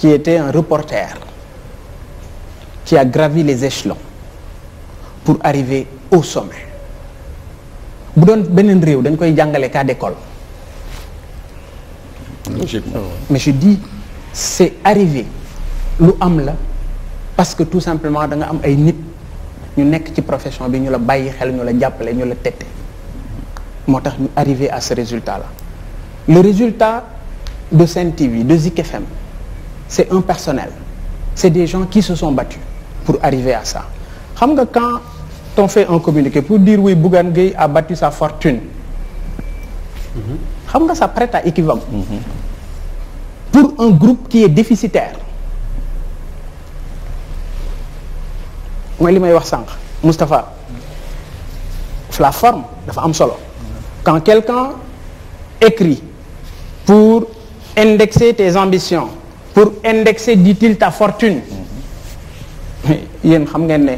qui était un reporter qui a gravi les échelons pour arriver au sommet bu doon beneen réew dañ koy jàngale cas d'école mais je dis c'est arrivé lu am la parce que tout simplement da nga am ay nit ñu nekk ci profession bi ñu la bàyyi xel ñu la jàppale ñu la tette moo tax ñu arrivé à ce résultat la le résultat de Sen TV de Zik FM c'est personnel c'est des gens qui se sont battus pour arriver à ça xam nga kan on fait un communiqué pour dire oui Bougane Gueye a battu sa fortune xam nga ça prête à équivoque pour un groupe qui est déficitaire mooy li may wax sànq Moustapha la forme dafa am solo quand quelqu'un écrit pour indexer tes ambitions pour indexer dit-il ta fortune yéen xam ngeen ne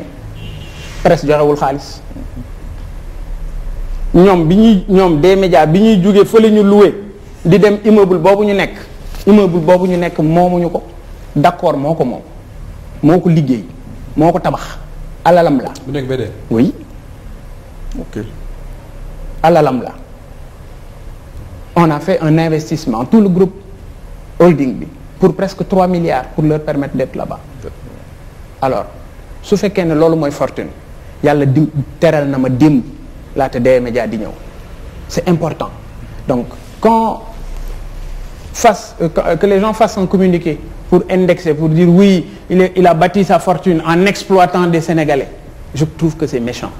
presse joxewul xaalis ñoom bi ñuy ñoom des médias bi ñuy jógee fële ñu loué di dem immeuble boobu ñu nekk immeuble boobu ñu nekk moomuñu ko d'accord moo ko moom moo ko liggéey moo ko tabax alalam la. bu alalam la. on a fait un investissement tout le groupe holding bi. pour presque 3 milliards pour leur permettre d'être là-bas alors su fekkee ne loolu mooy fortune yàlla dim teral na ma dim laata D-Media di ñëw c'est important donc quand fasse euh, euh, que les gens fassent un communiqué pour indexer pour dire oui il est, il a bâti sa fortune en exploitant des Sénégalais je trouve que c'est méchant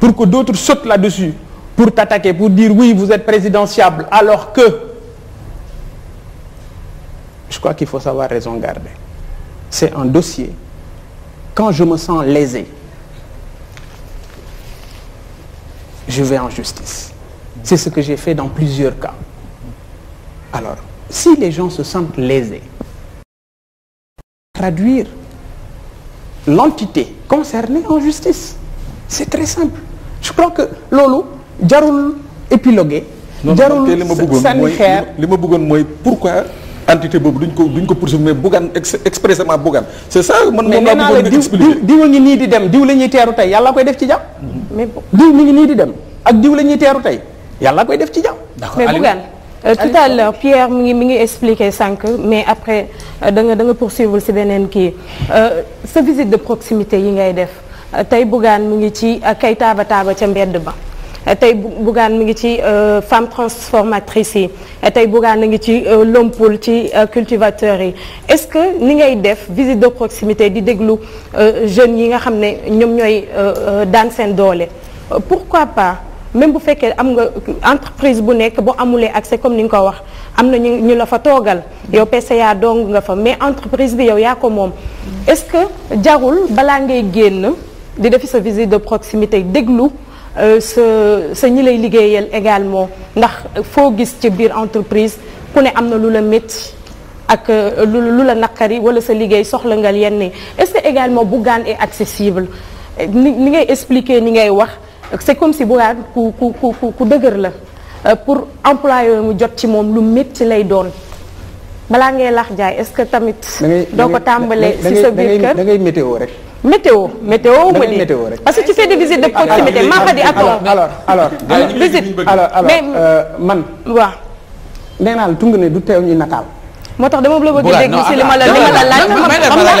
pour que d'autres sautent là-dessus pour t'attaquer pour dire oui vous êtes présidentiable alors que crois qu'il faut savoir raison garder. C'est un dossier. Quand je me sens lésé, je vais en justice. C'est ce que j'ai fait dans plusieurs cas. Alors, si les gens se sentent lésés, traduire l'entité concernée en justice. C'est très simple. Je crois que entité boobu duñ ko duñ ko poursuivre mais Bougane expressément Bougane c'est ça man moom laa bëggoon a expliquer diw a ngi nii di dem diw la ñuy teeru tey yàlla koy def ci jàmm mais diw ngi nii di dem ak diw la ñuy teeru tey yàlla koy def ci jàmm mais Bougane Euh, tout à l'heure Pierre mi ngi mi ngi expliqué sànq mais après euh, da nga da nga poursuivre ci beneen kii euh, sa visite de proximité yi ngay def euh, tey Bougane mu ngi ci kay taaba taaba ca mbedd ba tey Bougane mi ngi ci euh, femme transformatrice yi tey Bougane a ngi ci euh, Lompoul ci euh, cultivateur yi est-ce que ni ngay def visite de proximité di déglu jeunes yi nga xam ne ñoom ñooy daan seen doole pourquoi pas même bu fekkee am nga entreprise bu nekk boo amulee accès comme ni nga ko wax am na ñu ñu la fa toogal yow PCA dong nga fa mais entreprise bi yow yaa ko moom est-ce que jarul balaa ngay génn di defi sa visite de proximité déglu Euh, sa sa ñi lay liggéeyal également ndax foo gis ci biir entreprise ku ne am na lu la métti ak euh, lu lu la naqari wala sa liggéey soxla nga yenn est-ce que également Bougane est accessible ni ni ngay expliquer ni ngay wax c'est comme si Bougane ku ku ku ku dëgër la euh, pour employé mu jot ci moom lu métti lay doon balaa ngay lax jaay est-ce que tamit. doo ko tàmbalee si sa biir kër da ngay météo rek. météo météo ma di parce que ci fais des visites de proximité maa xa di attends alors alors visite alors alors man waaw nee naa la tung ne du teew ñuy nataal moo tax dama la bëgg a dégg si li ma la li ma la laaj. ma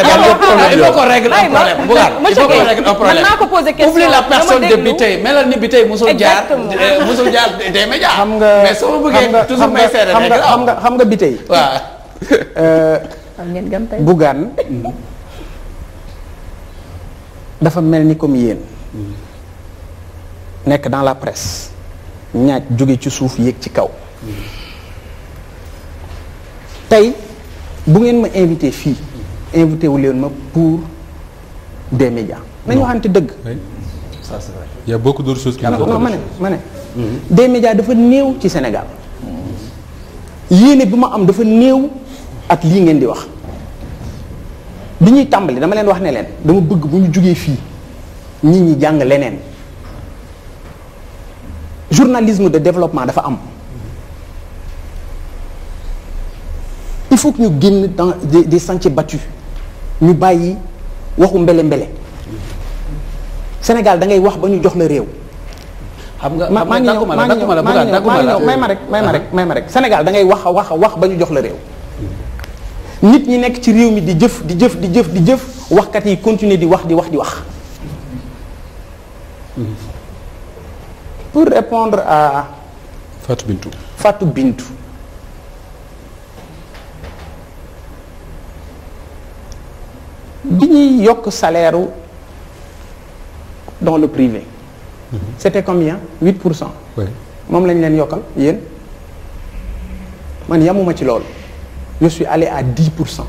il faut qu'on règle un problème. il ko posé question de bi xam nga mais soo bëggee xam nga xam nga bi tey. waaw. Bougane. dafa mel ni comme yéen nekk dans la presse ñaaj jóge ci suuf yéeg ci kaw tey bu ngeen ma invité fii invité wu leen ma pour des médias nañu waxante dëgg ça c'est vrai il y ma ne ma ne mhm. des médias dafa néew ci senegal yéene bi ma am dafa néew ak lii ngeen di wax bi ñuy tàmbali dama leen wax ne leen dama bëgg bu ñu jugee fii nit ñi jàng leneen journalisme de développement dafa am il faut que ñu génn dans des, des sentiers battu ñu bàyyi waxu mbele mbele Sénégal da ngay wax ba ñu jox la réew. xam nga maa ngi ñëw maa ngi ñëw maa ngi ñëw may ma rek may ma rek may ma rek Sénégal da ngay wax a wax a wax ba ñu jox la réew. nit ñi nekk ci réew mi di jëf di jëf di jëf di jëf waxkat yi continuer di wax di wax di wax pour répondre à Fatou Bintou Fatou Bintou bi ñuy yokk salaire dans le privé mmh. c'était combien huit pour cent moom lañ leen yokkal yéen man yamuma ci loolu je suis allé à 10 pour cent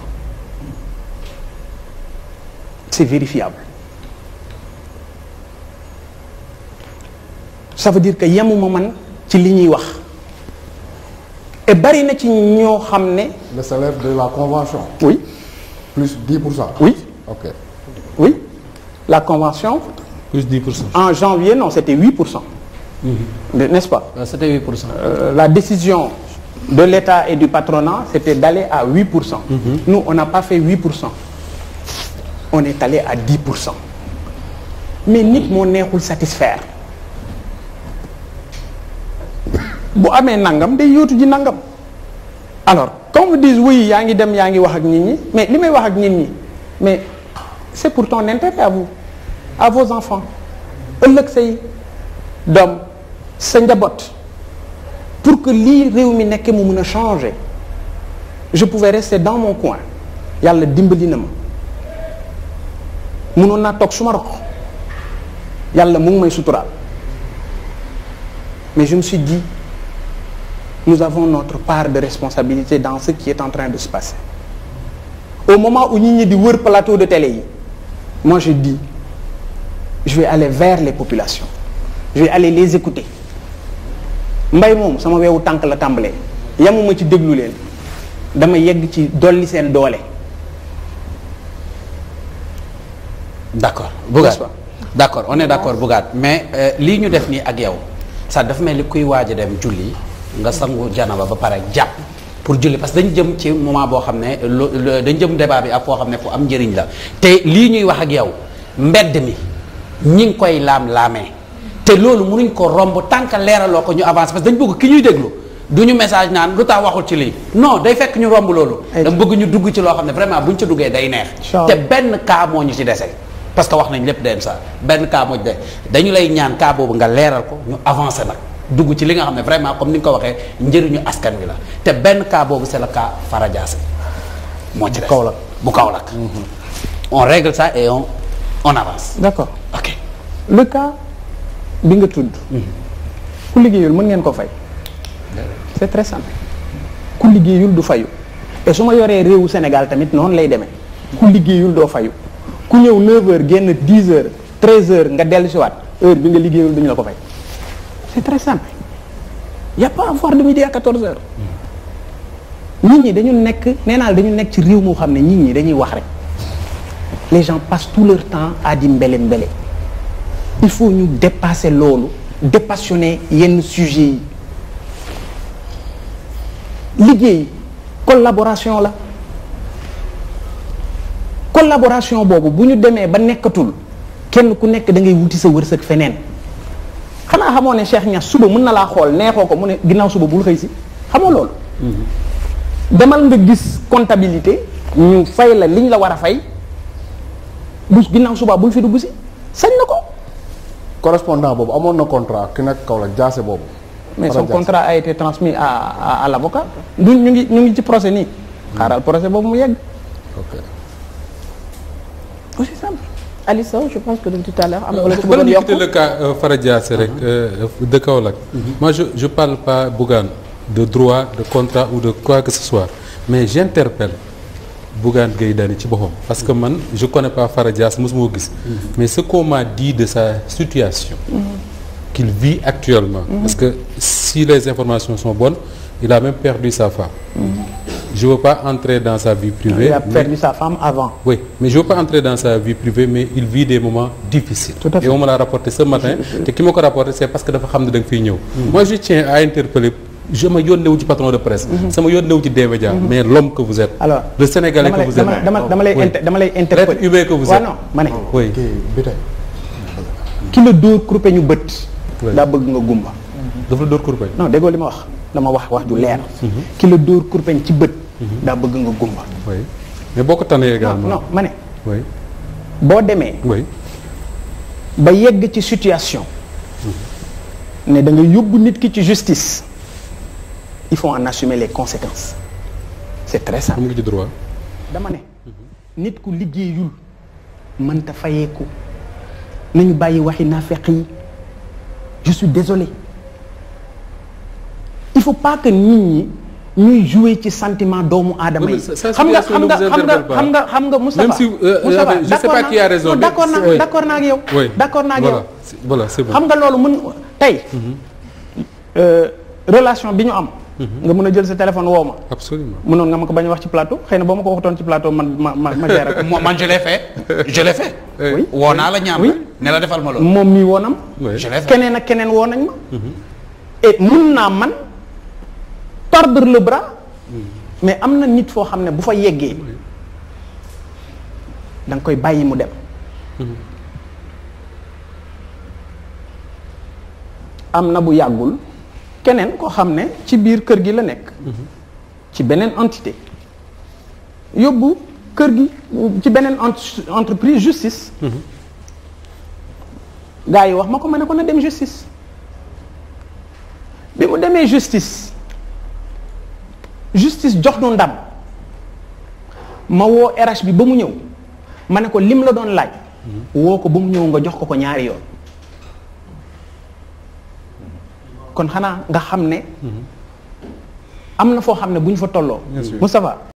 c'est vérifiable ça veut dire que yemuma man ci li ñuy wax et bari na ci ñoo xam ne. le salaire de la convention. oui plus 10 pour cent. oui ok oui la convention. plus 10 pour cent. en janvier non c'était 8 pour cent. Mm-hmm. n'est-ce pas. Euh, c'était 8 pour cent. Euh, la décision. de l'État et du patronat, c'était d'aller à 8 pour cent. Mhm. Nous, on n'a pas fait 8 pour cent. On est allé à 10 pour cent. mais nit moo neexul satisfaire bu amee nangam day yootu ji nangam alors quand vous dites oui yaa ngi dem yaa ngi wax ak nit ñi mais li wax ak nit ñi mais c'est pour ton intérêt à vous à vos enfants ëllëg say doom sa njaboot. pour que lii réew mi nekkee mu na a je pouvais rester dans mon coin yàlla dimbali na ma mënoon naa toog su ma roq yàlla mu ngi may mais je me suis dit nous avons notre part de responsabilité dans ce qui est en train de se passer au moment où nit ñi di wër plateau de télé yi moi je dis je vais aller vers les populations je vais aller les écouter mbay moom sama wewu tànk la tàmbalee yamuma ci déglu leen dama yegg ci dolli seen doole. d'accord Bougane d'accord on est d'accord Bougane mais euh, lii ñu def nii ak yow sax dafa mel ni kuy waaj a dem julli nga sangu janaba ba pare jàpp pour julli parce que dañ jëm ci moment boo xam ne dañ dañu jëm débat bi ak foo xam ne fu am njariñ la te lii ñuy wax ak yow mbedd mi ñi ngi koy laam-laamee. te loolu mënuñ ko romb tant que leeraloo ko ñu avance parce que dañ bëgg ki ñuy déglu du ñu message naan lu tax waxul ci lii non day fekk ñu romb loolu. dama bëgg ñu dugg ci loo xam ne vraiment buñ ci duggee day neex. te benn cas moo ñu ci dese. parce que wax nañ lépp dem sa benn cas moo ci dañu lay ñaan cas boobu nga leeral ko ñu avancé nag dugg ci li nga xam ne vraiment comme ni nga ko waxee njëriñu askan wi la te benn cas boobu c'est le cas Faradiase. moo ci des bu Kaolack bu kaw mm-hmm. on règle ça et bi nga tudd. ku liggéeyul mën ngeen ko fay. c'est très simple. ku liggéeyul du fayu. te su ma yoree réewu Sénégal tamit noonu lay deme ku liggéeyul doo fayu. ku ñëw 9h génn 10h 13h nga dellusiwaat heure bi nga liggéeyul duñu la ko fay. c'est très simple. y a pas à voir de midi à 14h. nit ñi dañu nekk nee naa dañu nekk ci réew moo xam ne nit ñi dañuy wax rek. les gens passent tout leur temps à di mbele mbele. il faut ñu dépasser loolu dépassionner yenn sujets yi liggéey collaboration la collaboration boobu bu ñu demee ba nekkatul kenn ku nekk dangay wuti sa wërsëg feneen xanaa xamoo ne Cheikh Niass suba mën na laa xool neexoo ko mu ne ginnaaw suba bul xëy si xamoo loolu. Mm-hmm. demal nga gis comptabilité ñu fay la liñ la war a fay bu ginnaaw suba bul fi dugg si sañ na ko. correspondant boobu amoon na contrat ki nekk Kaolack jaase boobu. mais son contrat a été transmis à à l' avocat. ñu ngi ñu ngi ci procès nii. xaaral procès boobu mu yegg. ok. Oh, je pense que donc tout à l'heure am wala ci bëggoon yokk le cas euh, Fara Diasse rek mhm. euh, euh, de Kaolack. Mhm. moi je je parle pas Bougane de droit de contrat ou de quoi que ce soit mais j'interpelle Bougane Gueye Dany ci boppam parce que man je connais pas Fara Dias mosuma gis mm-hmm. mais ce qu'on m'a dit de sa situation mm-hmm. qu'il vit actuellement mm-hmm. parce que si les informations sont bonnes il a même perdu sa femme je veux pas entrer dans sa vie privée a perdu mais... sa femme avant il vit des moments difficiles et on l'a rapporté ce matin te ki ma ko c'est parce que dafa xam ne da nga fiy ñëw mm. moi je tiens à interpeller je ma yónnee wu de presse. Mhm. sama yoon wu ci D-Média. Mhm. mais l'homme que vous êtes. alors le sénégalais que vous êtes. dama dama dama lay inter dama lay interpellé. l'être que vous êtes. ma ne. oui ki la dóor kurpe ñu bët. daa bëgg nga gumba. Mhm. daf la dóor kurpeñ. non déggoo li ma wax dama wax wax ju leer. ki la dóor kurpeñ ci bët. daa bëgg nga gumba. mais boo ko tànnee également. non ma ne. oui boo demee. ba yegg ci situation. ne da nga yóbbu nit ki ci justice. il faut en assumer les conséquences c'est très simple. dama ne. nit ku liggéeyul mënta fayeeku nañu bàyyi waxi naafeq yi je suis désolé il faut pas que nit ñi. jouer ci sentiment doomu aadama yi. xam nga xam nga xam nga xam nga xam nga Moustapha. même si euh, euh, je sais pas qui a raison. d'accord naa d'accord naa ak yow. d'accord naa ak yow. xam nga loolu mën tey. Euh, relation bi ñu am. nga mën a jël sa téléphone woo ma. mënoon nga ma ko bañ a wax ci plateau xëy na boo ma ko waxatoon ci plateau man ma ma ma géré ko. man je l'ai fait woo naa la ñaam la defal ma moom mii woo na ma. je l'ai keneen ak keneen woo nañ ma. Mhm. mun naa man perdre le bras. Mhm. mais am na nit foo xam ne bu fa yeggee danga koy bàyyi mu dem. Mhm. am na bu yàggul. keneen koo xam ne ci biir kër gi la nekk mhm. ci beneen entité yóbbu kër gi ci beneen entreprise justice mhm. gaa yi wax ma ko ma ne ko na dem justice bi mu demee justice justice jox nu ndam ma woo RH bi ba mu ñëw ma ne ko lim la doon laaj mhm. woo ko ba mu ñëw nga jox ko ko ñaari yoon kon xanaa nga xam ne. Mhm. am na foo xam ne bu ñu fa tolloo. Moustapha